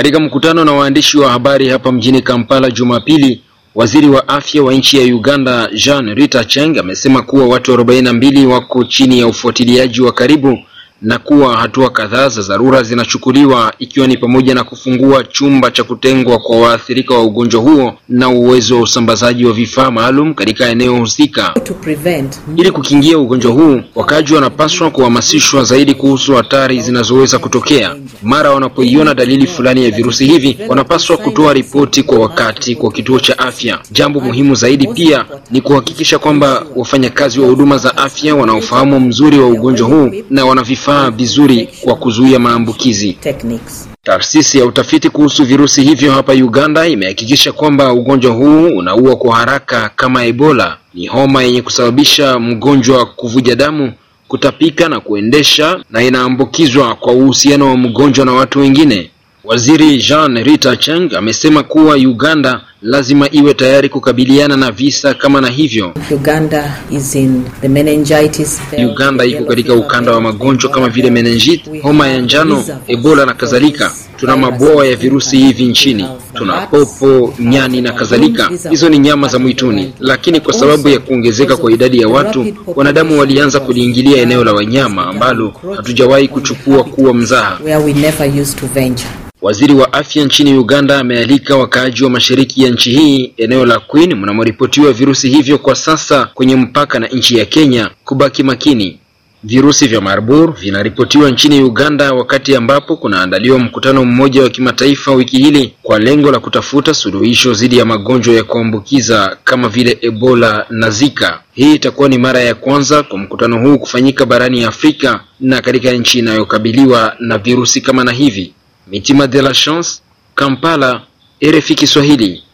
Katika mkutano na waandishi wa habari hapa mjini Kampala Jumapili, waziri wa afya wa nchi ya Uganda Jean Ritacheng amesema kuwa watu 42 wako chini ya ufuatiliaji wa karibu na kuwa hatua kadhaa za dharura zinachukuliwa ikiwa ni pamoja na kufungua chumba cha kutengwa kwa waathirika wa ugonjwa huo na uwezo wa usambazaji wa vifaa maalum katika eneo husika. Ili kukingia ugonjwa huu, wakaji wanapaswa kuhamasishwa zaidi kuhusu hatari zinazoweza kutokea. Mara wanapoiona dalili fulani ya virusi hivi, wanapaswa kutoa ripoti kwa wakati kwa kituo cha afya. Jambo muhimu zaidi pia ni kuhakikisha kwamba wafanyakazi wa huduma za afya wanaofahamu mzuri wa ugonjwa huu na wana vifaa vifaa vizuri kwa kuzuia maambukizi. Taasisi ya utafiti kuhusu virusi hivyo hapa Uganda imehakikisha kwamba ugonjwa huu unaua kwa haraka kama Ebola. Ni homa yenye kusababisha mgonjwa kuvuja damu, kutapika na kuendesha, na inaambukizwa kwa uhusiano wa mgonjwa na watu wengine. Waziri Jean Rita Cheng amesema kuwa Uganda lazima iwe tayari kukabiliana na visa kama na hivyo. Uganda, is in the meningitis, Uganda iko katika ukanda wa magonjwa kama vile menenjit, homa ya njano, Ebola na kadhalika. Tuna mabwawa ya virusi hivi nchini, tuna popo, nyani na kadhalika. Hizo ni nyama za mwituni, lakini kwa sababu ya kuongezeka kwa idadi ya watu, wanadamu walianza kuliingilia eneo la wanyama ambalo hatujawahi kuchukua kuwa mzaha. Waziri wa afya nchini Uganda amealika wakaaji wa mashariki ya nchi hii, eneo la Queen mnamoripotiwa virusi hivyo kwa sasa kwenye mpaka na nchi ya Kenya, kubaki makini. Virusi vya Marburg vinaripotiwa nchini Uganda wakati ambapo kunaandaliwa mkutano mmoja wa kimataifa wiki hili kwa lengo la kutafuta suluhisho dhidi ya magonjwa ya kuambukiza kama vile Ebola na Zika. Hii itakuwa ni mara ya kwanza kwa mkutano huu kufanyika barani Afrika na katika nchi inayokabiliwa na virusi kama na hivi. Mitima de la Chance, Kampala, RFI Kiswahili.